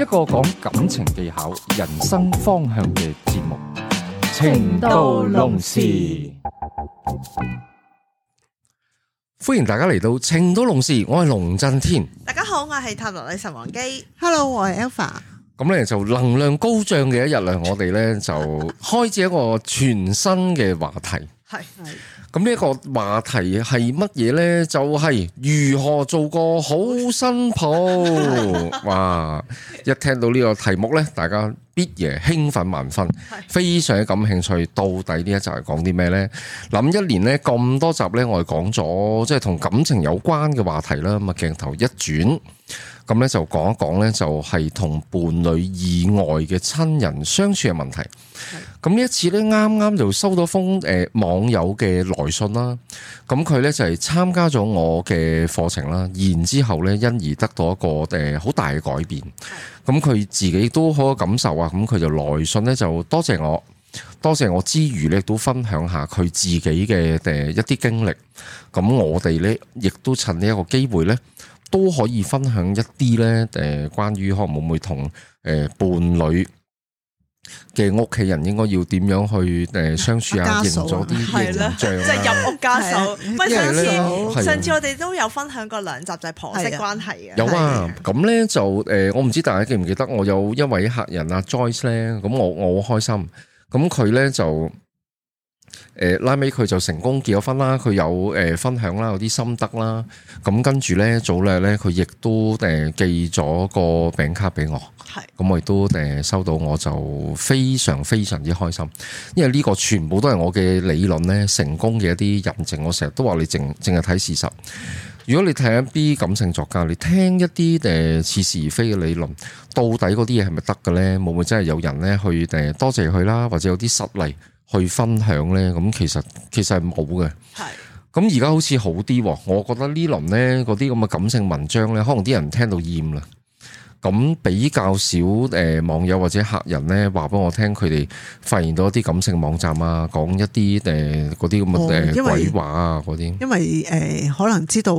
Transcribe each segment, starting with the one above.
一個講感情技巧、人生方向嘅節目，《情到濃時》歡迎大家嚟到《情到濃時》。我係龍震天。大家好，我係塔羅女神王姬。Hello，我係 Alpha。咁咧就能量高漲嘅一日咧，我哋咧就開始一個全新嘅話題。係。 咁呢一個話題係乜嘢呢？就係如何做個好新抱。哇！一聽到呢個題目呢，大家必然興奮萬分，非常之感興趣。到底呢一集係講啲咩呢？諗一年呢，咁多集呢，我哋講咗即係同感情有關嘅話題啦。咁啊，鏡頭一轉，咁呢就講一講呢，就係同伴侶以外嘅親人相處嘅問題。咁呢一次咧，啱啱就收到封誒、呃、網友嘅來信啦。咁佢咧就係、是、參加咗我嘅課程啦，然之後咧因而得到一個誒好、呃、大嘅改變。咁、啊、佢自己都好多感受啊。咁佢就來信咧，就多謝我，多謝我之餘咧，都分享下佢自己嘅誒、呃、一啲經歷。咁、啊、我哋咧亦都趁機呢一個機會咧，都可以分享一啲咧誒關於可能會唔會同誒、呃、伴侶嘅屋企人應該要點樣去誒相處啊，認咗啲形象、啊，即係、就係、入屋家守。喂的，上次的上次我哋都有分享過兩集，就係、婆媳關係嘅。的有啊，咁咧的就誒，我唔知大家記唔記得，我有一位客人啊 Joyce 咧，咁我我好開心，咁佢咧就。誒，拉尾佢就成功結咗婚啦，佢有誒分享啦，有啲心得啦，咁跟住咧早兩日咧，佢亦都誒寄咗個餅卡俾我，係是，咁我亦都誒收到，我就非常非常之開心，因為呢個全部都係我嘅理論咧成功嘅一啲人證，我成日都話你淨淨係睇事實，如果你睇一啲感性作家，你聽一啲誒似是而非嘅理論，到底嗰啲嘢係咪得嘅咧？會唔會真係有人咧去誒多謝佢啦，或者有啲失禮？去分享呢，咁其實其實係冇嘅。係咁而家好似好啲喎，我覺得呢輪呢嗰啲咁嘅感性文章呢，可能啲人聽到厭啦。咁比較少誒網友或者客人呢話俾我聽，佢哋發現到一啲感性網站啊，講一啲誒嗰啲咁嘅誒鬼話啊嗰啲。因為誒些、呃、可能知道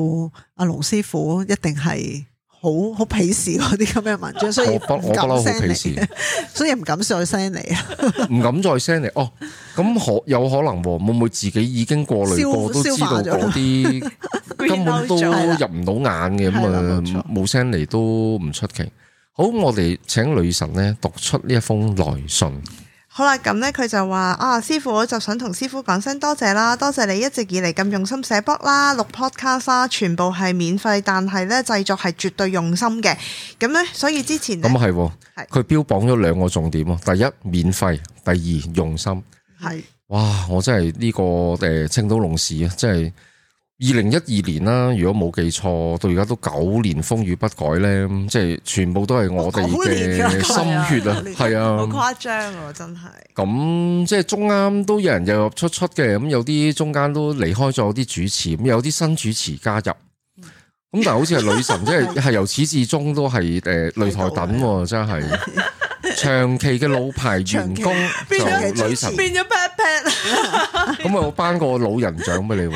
阿龍師傅一定係。好好鄙視嗰啲咁嘅文章，所以不 我不嬲好鄙視，所以唔敢再 send 嚟啊！唔 敢再 send 嚟哦。咁可有可能，會唔會自己已經過濾過，都知道嗰啲 根本都入唔到眼嘅，咁啊冇 send 嚟都唔出奇。好，我哋請女神咧讀出呢一封來信。好啦，咁咧佢就話啊，師傅，我就想同師傅講聲多謝啦，多謝你一直以嚟咁用心寫 blog 啦，錄 podcast 啦，全部係免費，但係咧製作係絕對用心嘅。咁咧，所以之前咁係，係佢、嗯、標榜咗兩個重點啊，第一免費，第二用心。係的哇，我真係呢、這個誒青島龍市，啊，真係。二零一二年啦，如果冇記錯，到而家都九年風雨不改咧，即係全部都係我哋嘅心血啊，係啊，啊好誇張啊，真係。咁即係中啱都有人入入出出嘅，咁有啲中間都離開咗啲主持，咁有啲新主持加入，咁但係好似係女神，即係係由始至終都係誒擂台等，真係長期嘅老牌員工就女神，變咗 pat pat，咁咪頒個老人獎俾你。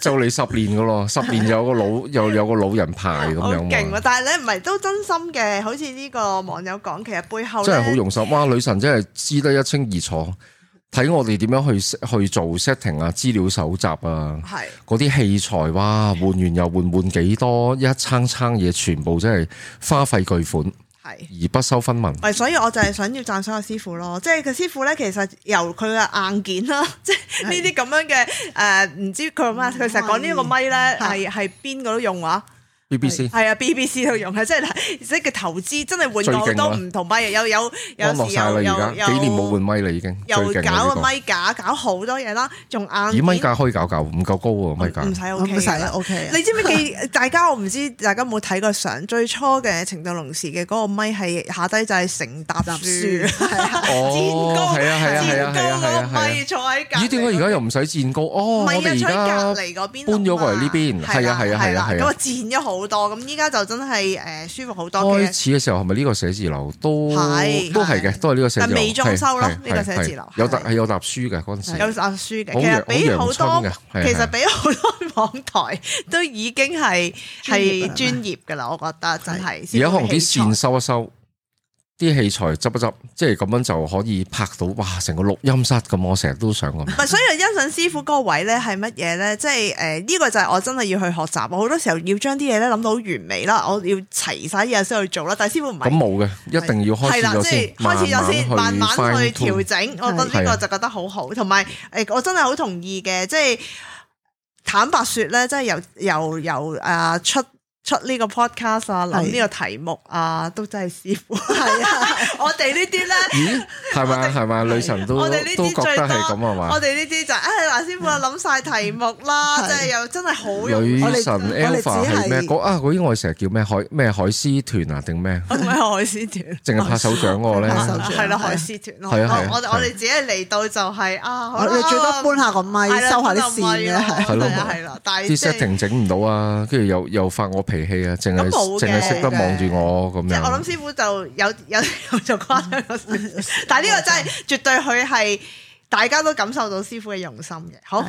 就你十年噶咯，十年有個老又有個老， 有個老人牌咁樣。好勁，啊，但係你唔係都真心嘅，好似呢個網友講，其實背後真係好用心。哇！女神真係知得一清二楚，睇我哋點樣去去做 setting 啊、資料搜集啊、係嗰啲器材，哇，換完又換，換，換幾多一餐餐嘢，全部真係花費巨款。係而不收分文，咪所以我就係想要讚賞阿師傅咯。即係佢師傅咧，其實由佢嘅硬件啦，即係呢啲咁樣嘅誒，唔、呃、知佢話咩，佢成日講呢個咪咧係係邊個都用話。B B C 係啊，B B C 都用啊，即係嗱，即係個投資真係換咗好多唔同咪，有有有有幾年冇換咪啦，已經又搞個咪架，搞好多嘢啦，仲硬。二咪架可以搞搞唔夠高喎咪架。唔使 O K，你知唔知？大家我唔知，大家有冇睇過相？最初嘅程度龍時嘅嗰個咪係下低就係成沓樹，係啊，啊，天高天高個咪坐喺。咦？點解而家又唔使漸高？哦，隔籬邊，搬咗過嚟呢邊，係啊，係啊，係啊，係啊，咁啊，剪咗好。好多咁，依家就真係誒舒服好多。開始嘅時候係咪呢個寫字樓都都係嘅，都係呢個寫字樓。但係未裝修咯，呢個寫字樓有沓有沓書嘅嗰陣時，有沓書嘅，其實俾好多，其實俾好多網台都已經係係專業㗎啦，我覺得真係。而家可能啲線收一收。啲器材執一執，即係咁樣就可以拍到哇！成個錄音室咁，我成日都想咁。唔係，所以欣賞師傅嗰個位咧係乜嘢咧？即係誒呢個就係我真係要去學習。我好多時候要將啲嘢咧諗到完美啦，我要齊晒嘢先去做啦。但係師傅唔係咁冇嘅，一定要開始咗先。係啦，即係開始咗先，慢慢去 fine-tune，慢慢去調整。我覺得呢個就覺得好好，同埋誒我真係好同意嘅，即係坦白說咧，即係由由由啊、呃、出。出呢個 podcast 啊，諗呢個題目啊，都真係師傅，係啊，我哋呢啲咧，咦，係咪？係咪？女神都都覺得係咁啊嘛，我哋呢啲就誒，嗱，師傅啊諗晒題目啦，真係又真係好女神 Alpha 係咩？嗰啊啲我哋成日叫咩海咩海獅團啊定咩？唔係海獅團，淨係拍手掌我咧，係啦海獅團，係啊我哋自己嚟到就係啊，你最多搬下個咪，收下啲線啊，係啦係啦，但係啲 setting 整唔到啊，跟住又又發我皮。都冇嘅。即係我諗、嗯、樣師傅就有有有誇、嗯、但係呢個真係張絕對佢係大家都感受到師傅嘅用心嘅。好，是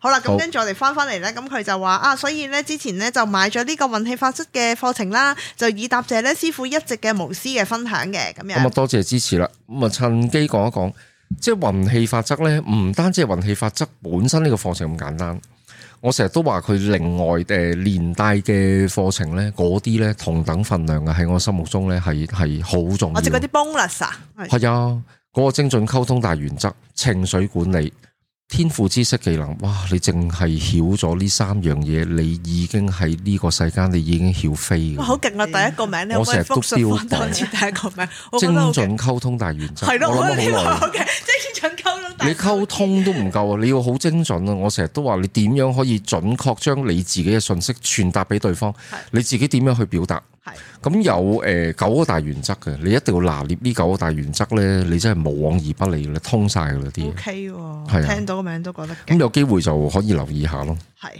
好啦，咁跟住我哋翻翻嚟，咧，咁佢好就話啊，所以咧之前咧就買咗呢個運氣法則嘅課程啦，就以答謝咧師傅一直嘅無私嘅分享嘅咁樣。咁啊多謝支持啦，咁啊趁機講一講，即係運氣法則咧，唔單止係運氣法則本身呢個課程咁簡單。我成日都話佢另外誒，連帶嘅課程咧，嗰啲咧同等份量嘅喺我心目中咧係係好重要。我接嗰啲 bonus 啊，係啊，嗰、 嗰個精進溝通大原則、情緒管理。天賦、知識、技能，哇！你淨係曉咗呢三樣嘢，你已經係呢個世間，你已經曉飛嘅。哇！好勁啊，第一個名呢，我成日都標名，精準溝通大原則。係咯，我諗好耐，即係精準溝通。你溝通都唔夠啊！你要好精準啊！ 我成日都話你點樣可以準確將你自己嘅信息傳達俾對方？的你自己點樣去表達？係咁是有誒、呃、九個大原則嘅，你一定要拿捏呢九個大原則咧，你真係無往而不利，你通晒嘅嗰啲。O K，係聽到個名都覺得。咁有機會就可以留意下咯。係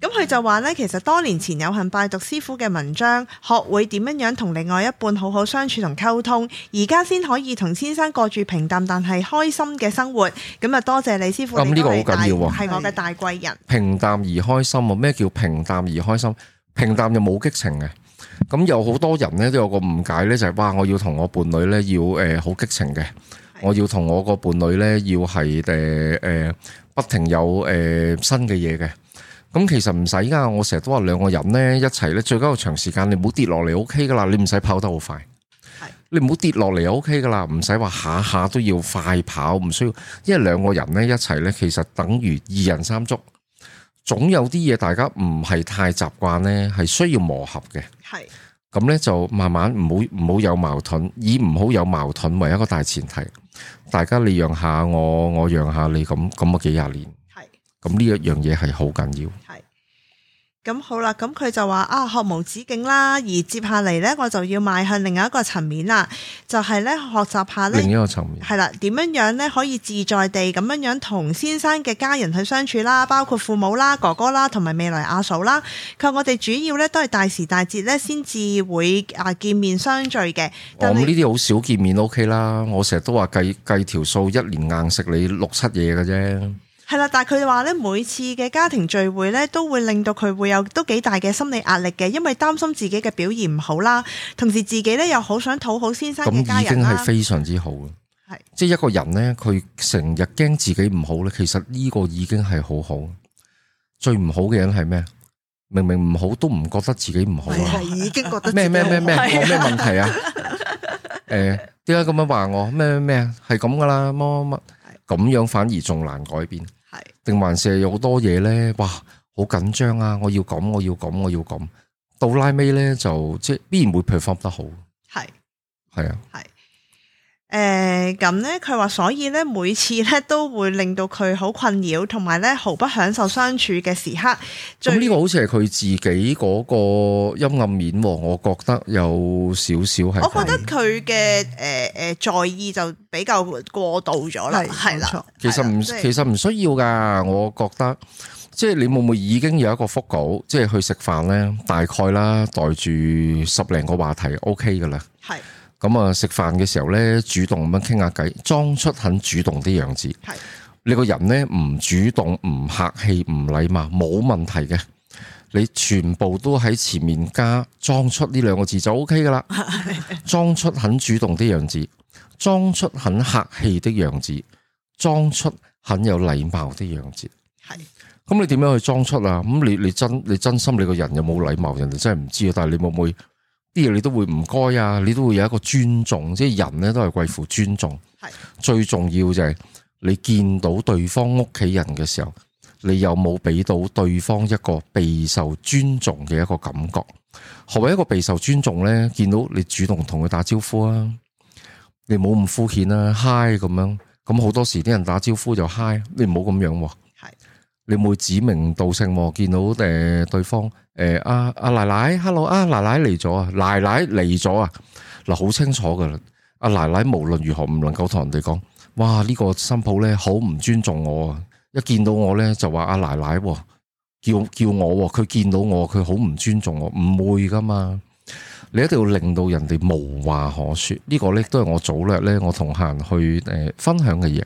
咁，佢就話咧，其實多年前有幸拜讀師傅嘅文章，學會點樣樣同另外一半好好相處同溝通，而家先可以同先生過住平淡但係開心嘅生活。咁啊，多謝李師傅。咁呢個好緊要喎，係我嘅大貴是人。平淡而開心啊！咩叫平淡而開心？平淡又冇激情嘅。咁有好多人咧都有個誤解咧，就係、是、哇，我要同我伴侶咧要誒好、呃、激情嘅，是的 我要同我個伴侶咧要係誒誒不停有誒、呃、新嘅嘢嘅。咁其實唔使噶，我成日都話兩個人咧一齊咧，最緊要長時間你唔好跌落嚟，O K 噶啦，你唔使、OK、跑得好快，是的 你唔好跌落嚟，O K 噶啦，唔使話下下都要快跑，唔需要，因為兩個人咧一齊咧，其實等於二人三足，總有啲嘢大家唔係太習慣咧，係需要磨合嘅。係，咁咧就慢慢唔好唔好有矛盾，以唔好有矛盾為一個大前提，大家你讓下我，我讓下你，咁咁啊幾廿年，係是的，咁呢一樣嘢係好緊要。係。咁好啦，咁佢就話啊學無止境啦，而接下嚟呢，我就要邁向另外一個層面啦，就係呢，學習下呢另一個層面係啦，點樣樣呢？可以自在地咁樣樣同先生嘅家人去相處啦，包括父母啦、哥哥啦，同埋未來阿嫂啦。佢話我哋主要呢都係大時大節呢先至會啊見面相聚嘅。咁呢啲好少見面，O K 啦。我成日都話計計條數，一年硬食你六七嘢，㗎啫。係啦，但係佢哋話咧，每次嘅家庭聚會咧，都會令到佢會有都幾大嘅心理壓力嘅，因為擔心自己嘅表現唔好啦，同時自己咧又好想討好先生嘅家人，咁已經係非常之好的即係一個人咧，佢成日驚自己唔好咧，其實呢個已經係好好。最唔好嘅人係咩？明明唔好都唔覺得自己唔好啊，已經覺得咩咩咩咩有咩問題啊？點解咁樣話我咩咩咩啊？係咁噶啦，乜乜乜咁樣反而仲難改變。定還是有好多嘢咧，哇！好緊張啊！我要咁，我要咁，我要咁，到拉尾呢，就即係必然會 perform 得好。係是，係啊。誒咁咧，佢話、呃、所以咧，每次咧都會令到佢好困擾，同埋咧毫不享受相處嘅時刻。呢個好似係佢自己嗰個陰暗面喎，我覺得有少少係。我覺得佢嘅誒誒在意就比較過度咗啦，係啦的。其實唔的其實唔需要㗎，我覺得即係你會唔會已經有一個腹稿，即係去食飯咧，大概啦，袋住十零個話題，OK 㗎啦。係。咁啊，食飯嘅時候咧，主動咁樣傾下偈，裝出很主動的樣子。係是的 你個人咧，唔主動、唔客氣、唔禮貌，冇問題嘅。你全部都喺前面加裝出呢兩個字就 O K 噶啦。裝 出很主動的樣子，裝出很客氣的樣子，裝出很有禮貌的樣子。係咁是的，你點樣去裝出啊？咁你你真你真心，你個人有冇禮貌，人哋真係唔知啊。但係你會唔會？啲嘢，你都會唔該啊，你都會有一個尊重，即係人咧都係貴乎尊重。係是最重要就係你見到對方屋企人嘅時候，你有冇俾到對方一個備受尊重嘅一個感覺？何為一個備受尊重咧？見到你主動同佢打招呼啊，你冇咁敷衍啦，嗨咁樣。咁好多時啲人打招呼就嗨，你唔好咁樣。係是你唔會指名道姓喎，見到誒、呃、對方。誒，阿阿奶奶，hello，阿奶奶嚟咗啊，奶奶嚟咗啊，嗱，好清楚噶啦。阿奶奶無論如何唔能夠同人哋講，哇，呢個新抱咧好唔尊重我，一見到我咧就話阿奶奶，叫叫我，佢見到我佢好唔尊重我，唔會噶嘛。你一定要令到人哋無話可說，呢個咧都係我早略咧，我同客人去誒分享嘅嘢。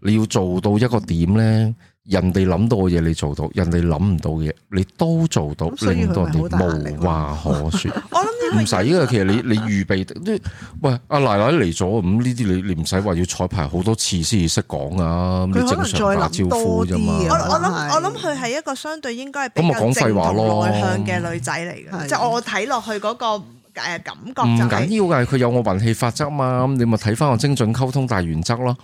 你要做到一個點咧。人哋諗到嘅嘢你做到，人哋諗唔到嘅嘢你都做到，令到人哋無話可說。我諗你唔使噶， 其實你你預備， 喂阿奶奶嚟咗咁呢啲， 你你唔使話要彩排好多次先至識講啊。佢可能正常打招呼啫嘛是。我我諗我諗佢係一個相對應該係比較咁咪講廢話囉內向嘅女仔嚟嘅，即係 我睇落去嗰個誒感覺，就是。唔緊、嗯、要噶，佢有我運氣法則嘛。咁你咪睇翻我精準溝通大原則咯。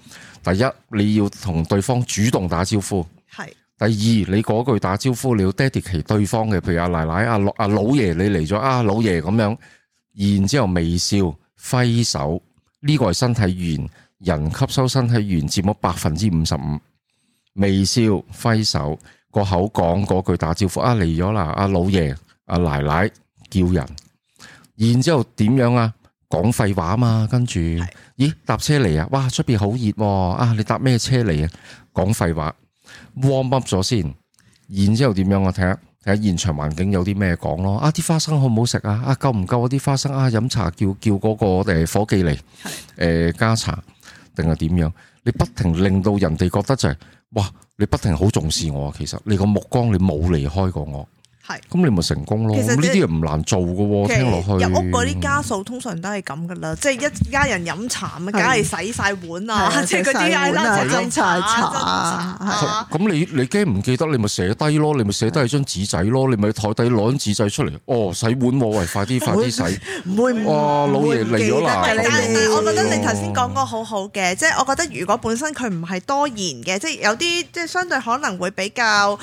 第一，你要同對方主動打招呼。係。是。第二，你嗰句打招呼你要 dedicate 對方嘅，譬如阿奶奶，阿阿老爺，你嚟咗啊，老爺咁樣。然之後微笑揮手，呢、這個係身體圓，人吸收身體圓佔咗百分之五十五。微笑揮手個口講嗰句打招呼啊嚟咗啦，阿老爺、阿奶奶叫人。然之後點樣啊？講廢話啊嘛，跟住，是咦，搭車嚟啊，哇，出邊好熱，啊，你搭咩車嚟啊？講廢話，warm up 咗先，然之後點樣啊？我睇下睇下現場環境有啲咩講咯。啊，啲花生好唔好食啊？啊，夠唔夠啲花生啊，飲、啊、茶叫叫嗰個誒伙計嚟，誒、呃、加茶定係點樣？你不停令到人哋覺得就係、是，哇，你不停好重視我、啊、其實你個目光你冇離開過我。係，咁你咪成功咯！其實呢啲嘢唔難做嘅喎，聽落去入屋嗰啲家數通常都係咁噶啦，即係一家人飲茶，咪梗係洗晒碗啦，即係嗰啲啦，洗茶茶，咁你你驚唔記得，你咪寫低咯，你咪寫低張紙仔咯，你咪台底攞張紙仔出嚟。哦，洗碗冇，喂，快啲快啲洗！唔會唔會，哇！老爺嚟咗啦！但係我覺得你頭先講過好好嘅，即係我覺得如果本身佢唔係多言嘅，即係有啲即係相對可能會比較。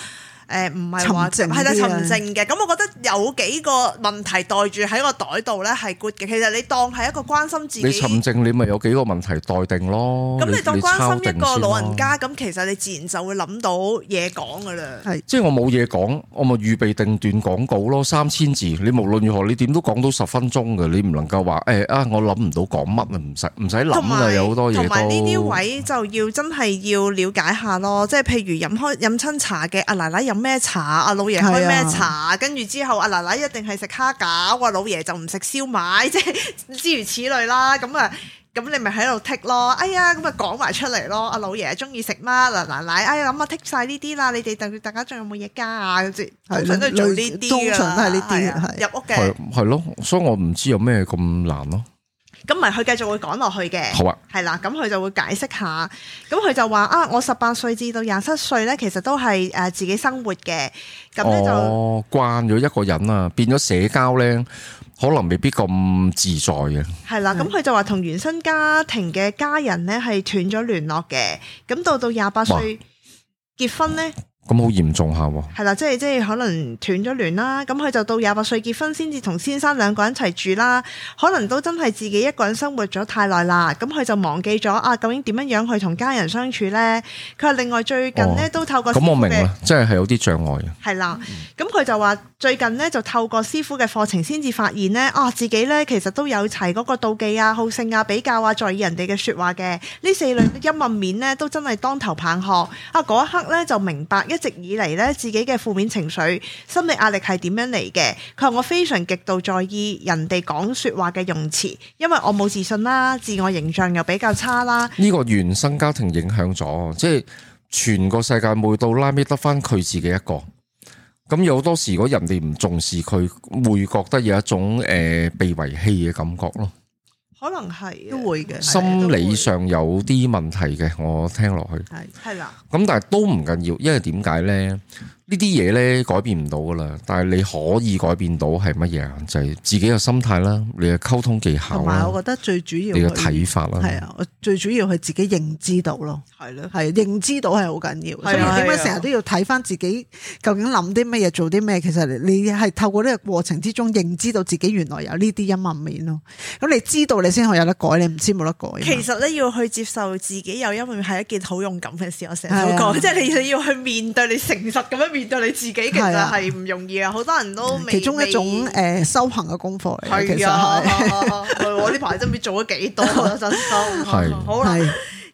誒，唔係話靜係就沉靜嘅，咁我覺得有幾個問題待住喺個袋度咧係 good 嘅。其實你當係一個關心自己，你沉靜你咪有幾個問題待定咯。咁你當關心一個老人家，咁其實你自然就會諗到嘢講噶啦。係，即係我冇嘢講，我咪預備定段廣告咯，三千字，你無論如何你點都講到十分鐘嘅，你唔能夠話誒啊我諗唔到講乜啊，唔使唔使諗啊，有好多嘢。同埋呢啲位就要真係要了解下咯，即係譬如飲開飲親茶嘅阿奶奶飲。咩茶，阿老爺開咩茶？跟住、啊、之後阿奶奶一定係食蝦餃，我老爺就唔食燒賣，即係諸如此類啦。咁啊，咁你咪喺度剔咯。哎呀，咁啊講埋出嚟咯。阿老爺中意食乜？嗱，奶奶，哎，呀，諗下剔晒呢啲啦。你哋特大家仲有冇嘢加啊？咁至通常都係做呢啲噶，啊啊啊、入屋嘅係咯。所以我唔知有咩咁難咯。咁咪佢繼續會講落去嘅，係啦、啊，咁佢就會解釋下。咁佢就話啊，我十八歲至到廿七歲咧，其實都係誒自己生活嘅。咁咧就慣咗、哦、一個人啊，變咗社交咧，可能未必咁自在嘅。係啦，咁佢就話同原生家庭嘅家人咧係斷咗聯絡嘅。咁到到廿八歲結婚咧。咁好嚴重下、啊、喎！係啦，即係即係可能斷咗聯啦。咁佢就到廿八歲結婚先至同先生兩個人一齊住啦。可能都真係自己一個人生活咗太耐啦。咁佢就忘記咗啊，究竟點樣樣去同家人相處呢？佢話另外最近呢都透過咁、哦、我明啦，私即係有啲障礙啊。係啦，咁佢就話最近呢就透過師傅嘅課程先至發現呢，啊自己呢其實都有齊嗰個妒忌啊、好勝啊、比較啊、在意人哋嘅説話嘅呢四類陰暗面呢，都真係當頭棒喝啊！嗰一刻呢就明白一直以嚟咧，自己嘅負面情緒、心理壓力係點樣嚟嘅？佢話我非常極度在意人哋講說話嘅用詞，因為我冇自信啦，自我形象又比較差啦。呢個原生家庭影響咗，即係全個世界每到拉尾得翻佢自己一個。咁有好多時，如果人哋唔重視佢，會覺得有一種誒、呃、被遺棄嘅感覺咯。可能係都會嘅，心理上有啲問題嘅，的我聽落去係係啦。咁的但係都唔緊要，因為點解咧？呢啲嘢咧改變唔到噶啦，但係你可以改變到係乜嘢？就係、是、自己嘅心態啦，你嘅溝通技巧啦，同埋我覺得最主要你嘅睇法啦，係啊，最主要係自己認知到咯，係咯的，係認知到係好緊要，的所以點解成日都要睇翻自己究竟諗啲乜嘢做啲咩。其實你係透過呢個過程之中認知到自己原來有呢啲陰暗面咯。咁你知道你先可有得改，你唔知冇得改。其實咧要去接受自己有陰暗面係一件好勇敢嘅事，我成日都講，的即係你要去面對，你誠實咁樣。變到你自己其實係唔容易啊，好多人都未。其中一種誒未、呃、修行嘅功課嚟，啊、其實係。 我， 我呢排真係做咗幾多，真、呃、修。係。好啦，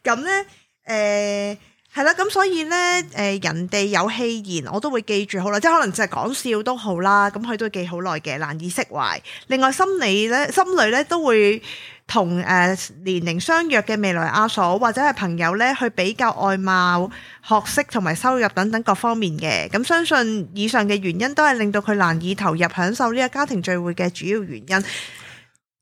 咁咧誒係啦，咁所以咧誒人哋有戲言，我都會記住。好啦，即係可能淨係講笑好都好啦，咁佢都記好耐嘅，難以釋懷。另外心裏咧，心裏咧都會。同誒年齡相若嘅未來阿嫂或者係朋友呢，去比較外貌、學識同埋收入等等各方面嘅，咁相信以上嘅原因都係令到佢難以投入享受呢個家庭聚會嘅主要原因。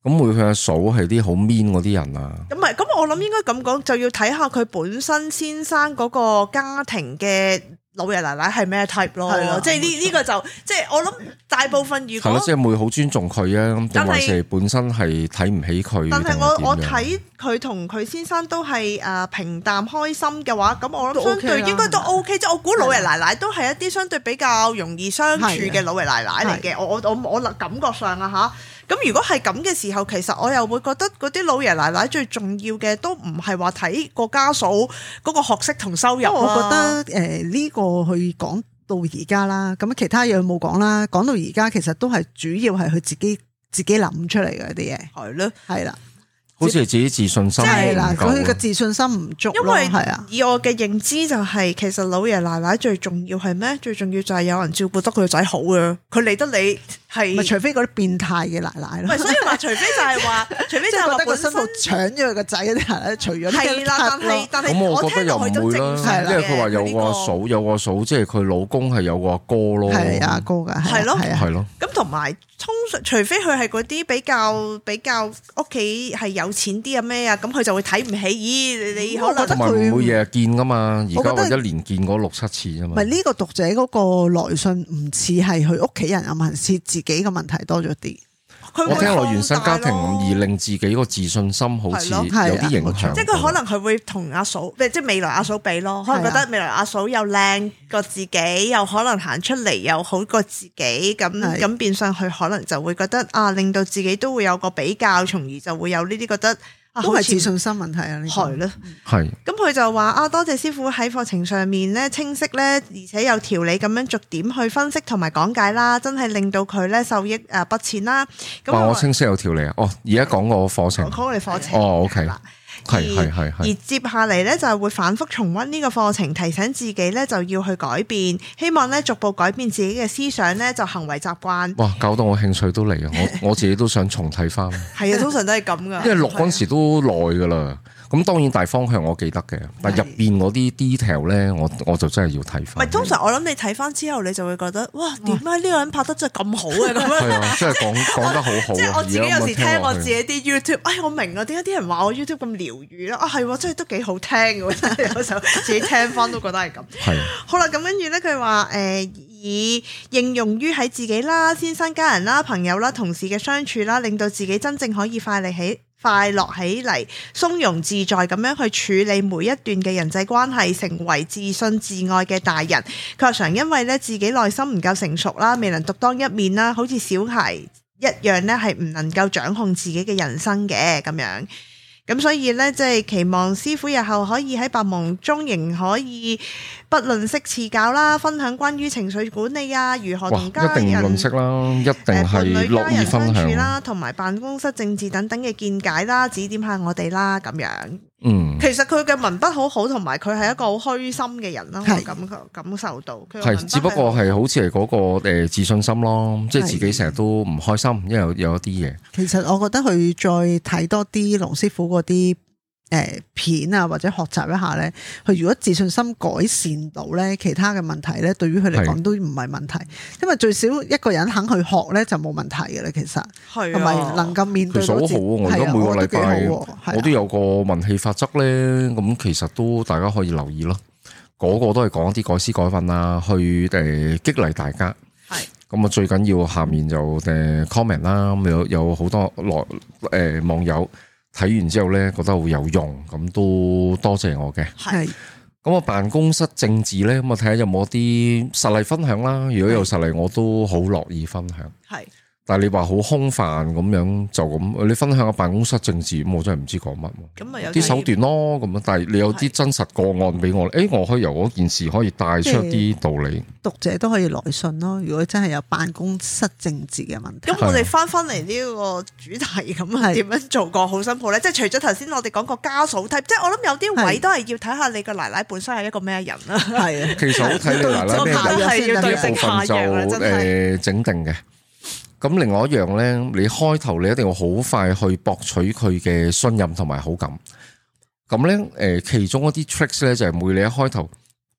咁會唔會阿嫂係啲好 mean 嗰啲人啊？唔係，咁我諗應該咁講，就要睇下佢本身先生嗰個家庭嘅。老爺奶奶係咩 type 咯？係咯了，即係呢呢個就即係、就是、我諗大部分如果即係、就是、會好尊重佢啊，是或者係本身係睇唔起佢。但係我我睇佢同佢先生都係誒平淡開心嘅話，咁我諗相對應該都，都 OK。即係我估老爺奶奶都係一啲相對比較容易相處嘅老爺奶奶嚟嘅的。我我我我感覺上啊吓。咁如果係咁嘅時候，其實我又會覺得嗰啲老爺奶奶最重要嘅都唔係話睇個家嫂嗰個學識同收入。我覺得誒呢個去講到而家啦，咁其他嘢冇講啦。講到而家其實都係主要係佢自己自己諗出嚟嘅啲嘢。係咯的，係啦。好似自己自信心，即係嗱，佢個自信心唔足。因為係啊，以我嘅認知就係其實老爺奶奶最重要係咩？最重要就係有人照顧得佢個仔好啊！佢嚟得你係，唔係除非嗰啲變態嘅奶奶咯。所以話，除非就係話，除非就係覺得個新抱搶咗佢個仔除咗係啦。但係，但係，我覺得又唔會啦。因為佢話有個嫂，有個嫂，即係佢老公係有個阿哥咯。係阿哥㗎，係咯，係咯。咁同埋通常，除非佢係嗰啲比較比較屋企係有。錢啲啊咩啊，咁佢就會睇唔起。咦，你可能佢唔會日日見噶嘛，而家一年見嗰六七次啊嘛。唔係呢個讀者嗰個來信唔似係佢屋企人有問題，似自己嘅問題多咗啲。我聽落，原生家庭而令自己個自信心好似有啲影響，即係佢可能佢會同阿嫂，即係未來阿嫂比咯，可能覺得未來阿嫂又靚過自己，又可能行出嚟又好過自己，咁咁變相佢可能就會覺得啊，令到自己都會有個比較，從而就會有呢啲覺得。啊、都係自信心問題啊！害啦，係。咁佢就話啊，的多謝師傅喺課程上面咧清晰咧，而且有條理咁樣逐點去分析同埋講解啦，真係令到佢咧受益誒不淺啦。咁我清晰有條理啊！哦，而家講我課程，我講你課程哦，OK 係係係，而接下嚟咧就係會反覆重溫呢個課程，提醒自己咧就要去改變，希望咧逐步改變自己嘅思想咧就行為習慣。哇，搞到我興趣都嚟啊！ 我我自己都想重睇翻。係啊， 通常都係咁噶。因為錄嗰陣時都耐噶啦。咁當然大方向我記得嘅，但入邊嗰啲 detail 咧，我我就真係要睇翻。唔係通常我諗你睇翻之後，你就會覺得哇點解呢個人拍得真係咁好嘅咁樣啊，真係講講得好好。即係哇我自己有時聽我自己啲 YouTube，哎我明啦，點解啲人話我 YouTube 咁療癒咧？啊係，真係都幾好聽嘅，真係 有時候自己聽翻都覺得係咁。係。 好啦，咁跟住咧，佢話誒以應用於喺自己啦、先生家人啦、朋友啦、同事嘅相處啦，令到自己真正可以快力起。快樂起嚟，鬆容自在咁樣去處理每一段嘅人際關係，成為自信自愛嘅大人。卻常因為咧自己內心唔夠成熟啦，未能獨當一面啦，好似小孩一樣咧，係唔能夠掌控自己嘅人生嘅咁樣。咁所以咧，即係期望師傅日後可以喺百忙中仍可以不吝嗇賜教啦，分享關於情緒管理啊，如何同家人、同女家人相處啦，同埋辦公室政治等等嘅見解啦，指點下我哋啦，咁樣。嗯，其實佢嘅文筆好好，同埋佢係一個好虛心嘅人咯，係咁是感受到。係是，只不過係好似係嗰個、呃、自信心咯，即係自己成日都唔開心，的因為有有一啲嘢。其實我覺得佢再睇多啲龍師傅嗰啲。誒片啊，或者學習一下咧，佢如果自信心改善到咧，其他嘅問題咧，對於佢嚟講都唔係問題，是的 因為最少一個人肯去學咧，就冇問題嘅啦。其實係咪是的 能夠面對？其實都好啊！我覺得每個禮拜，我都我有個文氣法則咧。咁其實都大家可以留意咯。嗰是的 個都係講啲改思改訓啊，去誒、呃、激勵大家。係咁啊！最緊要下面就誒 comment 啦，有有好多來誒、呃、網友。睇完之後呢，覺得會有用，咁都多謝我嘅。係是，咁我辦公室政治呢，咁啊睇下有冇啲實例分享啦。如果有實例，我都好樂意分享。係。但係你話好空泛咁樣就咁，你分享個辦公室政治咁，我真係唔知講乜。咁咪有啲手段咯，咁啊！但係你有啲真實個案俾我，誒、嗯欸，我可以由嗰件事可以帶出啲道理。讀者都可以來信咯，如果真係有辦公室政治嘅問題。咁我哋返返嚟呢個主題咁係點樣做個好新抱咧？即係除咗頭先我哋講個家嫂睇，即係我諗有啲位都係要睇下你個奶奶本身係一個咩人啊？係啊，其實好睇你奶奶咩人先，呢啲成分就誒是、呃、整定嘅。咁另外一樣咧，你開頭你一定要好快去博取佢嘅信任同埋好感。咁咧，誒、呃，其中一啲 tricks 咧就係、是、每你一開頭，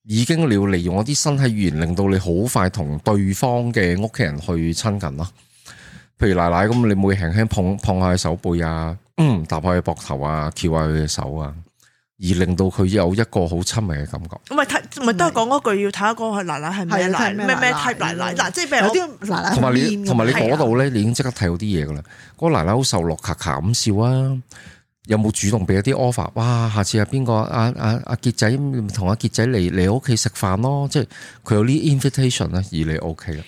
已經你要利用一啲身體語言，令到你好快同對方嘅屋企人去親近啦。譬如奶奶咁，你每輕輕碰碰下佢手背啊，嗯，搭下佢膊頭啊，翹下佢嘅手啊。而令到佢有一個好親密嘅感覺，唔係睇，唔都係講嗰句，要睇下嗰個奶奶係咩奶咩咩 type 奶奶，嗱即係譬如啲奶奶。同埋你同埋你嗰度咧，啊、你已經即刻睇到啲嘢噶啦，嗰奶奶好受落咔咔咁笑啊，有冇主動俾一啲 offer？哇，下次啊邊個啊啊啊傑仔同阿杰仔嚟嚟屋企食飯咯，即係佢有啲 invitation 咧，而你 OK 啦，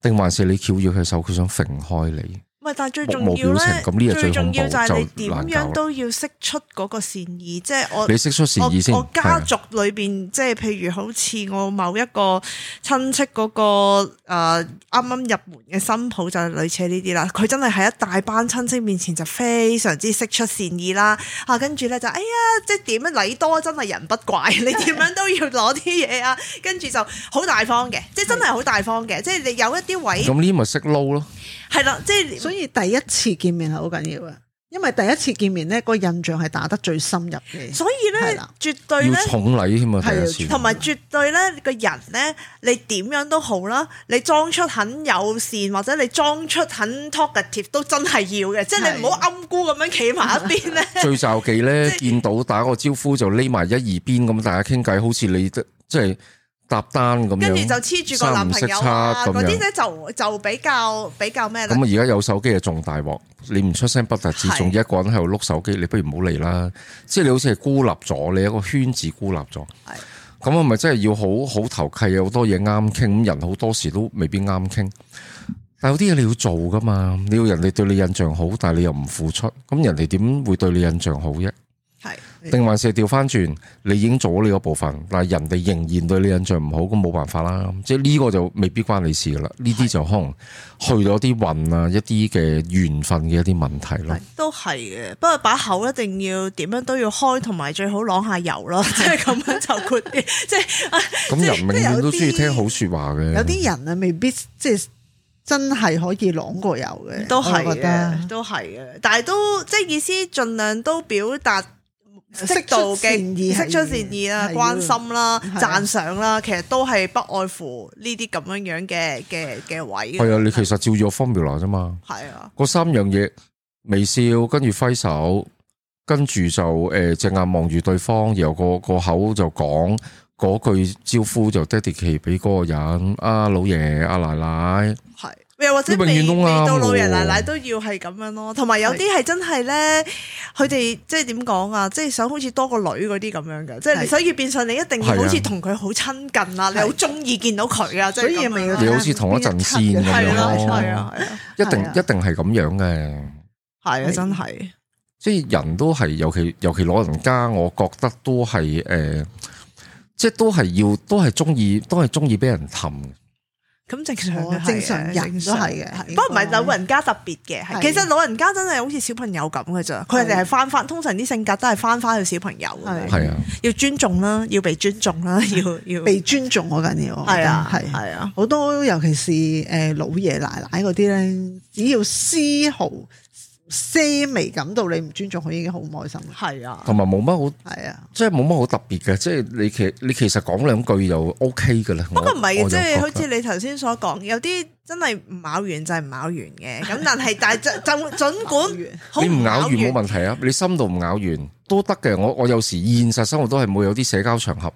定還是你翹住佢手，佢想揈開你？但係最重要咧，最重要就係你點樣都要釋出嗰個善意。即係我，你釋出善意先。我家族裏邊，即係是的 譬如好似我某一個親戚嗰、嗰個啱啱、呃、入門嘅新抱就類似呢啲啦。佢真係喺一大班親戚面前就非常之釋出善意啦。啊，跟住咧就，哎呀，即係點樣禮多真係人不怪，你點樣都要攞啲嘢啊。跟住是的 就好大方嘅，是的 即係真係好大方嘅，即係你有一啲位。咁呢咪識撈咯？係啦，即係所以第一次見面係好緊要嘅。因為第一次見面咧個印象係打得最深入嘅，所以咧了絕對呢要重禮添啊，係，同埋絕對咧個人咧，你點樣都好啦，你裝出很友善或者你裝出很 talkative 都真係要嘅，即係對你唔好暗孤咁樣企埋一邊咧，了 最罩忌咧見到打個招呼就匿埋一二邊咁，大家傾偈好似你即即。 搭單咁，跟住就黐住個男朋友啊，嗰啲咧就就比較比較咩？咁而家有手機嘅仲大鑊，你唔出聲不特止，仲是一個人喺度碌手機，你不如唔好嚟啦。即係你好似係孤立咗，你一個圈子孤立咗。係咁是，我咪真係要好好投契，有好多嘢啱傾。咁人好多時都未必啱傾，但係有啲嘢你要做噶嘛。你要人哋對你印象好，但係你又唔付出，咁人哋點會對你印象好啫？係。定還是調翻轉？你已經做咗你嗰部分，但係人哋仍然對你印象唔好，咁冇辦法啦。即係呢個就未必關你事㗎啦。呢啲是的 就可能去咗啲運啊，是的 一啲嘅緣分嘅一啲問題咯。都係嘅，不過把口一定要點樣都要開，同埋最好攞下油咯。即係咁樣就括啲。 即係咁，人永遠都中意聽好説話嘅。有啲人啊，未必即係真係可以攞過油嘅。都係嘅，都係嘅。但係都即係意思，盡量都表達。適度嘅，釋出善意啦，關心啦，讚賞啦，其實都係不外乎呢啲咁樣樣嘅嘅嘅位咯。係啊，你其實照住 formula 啫嘛。係啊。嗰三樣嘢，微笑，跟住揮手，跟住就誒，隻眼望住對方，然後個個口就講嗰句招呼，就 dedicate 俾嗰個人，阿老爺，阿奶奶。係。又或者未未到老爺奶奶都要係咁爺婆樣咯，同埋有啲係真係咧，佢哋即係點講啊？即係想好似多個女嗰啲咁樣嘅，是 即係所以變相，你一定好似同佢好親近是啊你，是是你好中意見到佢啊，即係你好似同一陣先咁咯，係啊，係啊，一定一定係咁樣嘅，係啊，真係的，即係人都係，尤其尤其老人家，我覺得都係誒、呃，即係都係要，都係中意，都係中意俾人氹。咁正常正常人都係嘅，不過唔係老人家特別嘅，是的 其實老人家真係好似小朋友咁嘅咋。佢哋係翻翻，是的 通常啲性格都係翻翻去小朋友，係啊，要尊重啦，要被尊重啦，要要被尊重好緊要，係啊，係啊，好多尤其是誒老爺奶奶嗰啲咧，只要絲毫。細微感到你唔尊重，佢已經好唔開心。係啊，同埋冇乜好，係啊，即係冇乜好特別嘅，即係你其你其實講兩句就 OK 噶啦。不過唔係，即係好似你頭先所講，有啲真係唔咬完就係唔咬完嘅。咁但係，但係就就盡管你唔咬完冇問題啊。你心度唔咬完都得嘅。我我有時現實生活都係會有啲社交場合，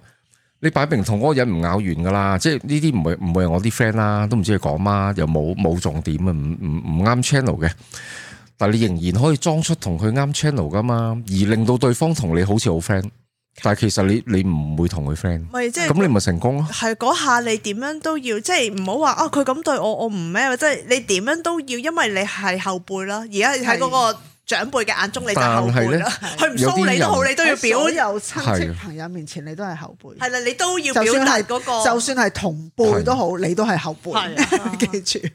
你擺明同嗰個人唔咬完噶啦。即係呢啲唔會唔會係我啲 friend 啦，都唔知佢講乜，又冇冇重點啊，唔唔唔啱 channel 嘅。但你仍然可以裝出同佢啱 channel 噶嘛，而令到對方同你好似好 friend，但係其實你你唔會同佢 friend，咁你咪成功咯。係嗰下你點樣都要，即係唔好話啊佢咁對我，我唔咩，即係你點樣都要，因為你係後輩啦。而家你睇嗰個。長輩嘅眼中你就後輩啦，佢唔疏你都好，你都要表有親戚朋友面前你都係後輩。係啦，你都要表達嗰個。就算係同輩都好，你都係後輩。係，記住。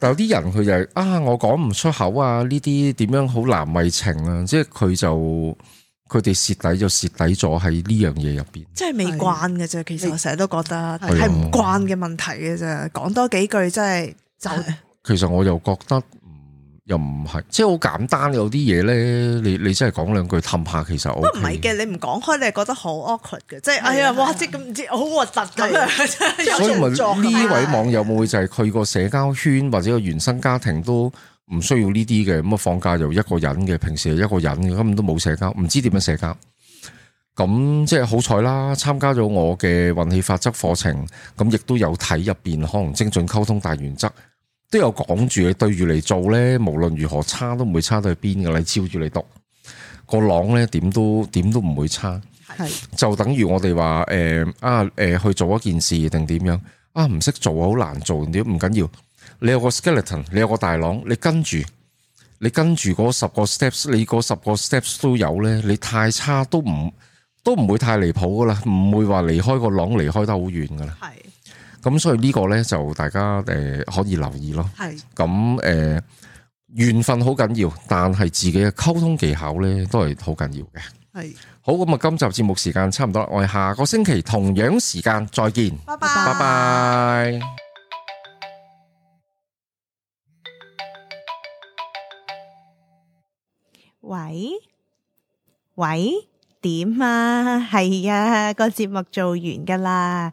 有啲人佢就啊，我講唔出口啊，呢啲點樣好難為情啊，即係佢就佢哋蝕底就蝕底咗喺呢樣嘢入邊。即係未慣嘅啫，其實我成日都覺得係唔慣嘅問題嘅啫。講多幾句即係就。其實我又覺得。又唔係，即係好簡單。有啲嘢咧，你你真係講兩句氹下，其實我。唔係嘅，你唔講開，你係覺得好 awkward 嘅，即係哎呀，的哇，即係咁知，好核突噶。所以咪呢的位網友會就係佢個社交圈，或者個原生家庭都唔需要呢啲嘅。咁啊，放假又一個人嘅，平時係一個人，根本都冇社交，唔知點樣社交。咁即係好彩啦，參加咗我嘅運氣法則課程，咁亦都有睇入邊可能精準溝通大原則。都有講住，你對住嚟做咧，無論如何差都唔會差到去邊噶，你照住嚟讀個朗咧，點都點都唔會差。係是就等於我哋話誒啊誒去做一件事定點樣啊？唔識做好難做，點唔緊要。你有個 skeleton，你有個大朗，你跟住，你跟住嗰十個 steps，你嗰十個 steps 都有咧。你太差都唔都唔會太離譜噶啦，唔會話離開個朗離開得好遠噶啦。係。咁所以呢個呢就大家誒可以留意咯。係咁誒，緣分好緊要，但係自己嘅溝通技巧呢都係好緊要嘅。係好咁啊！今集節目時間差唔多啦，我哋下個星期同樣時間再見。拜拜拜拜。喂喂，點啊？係啊，個節目做完噶啦。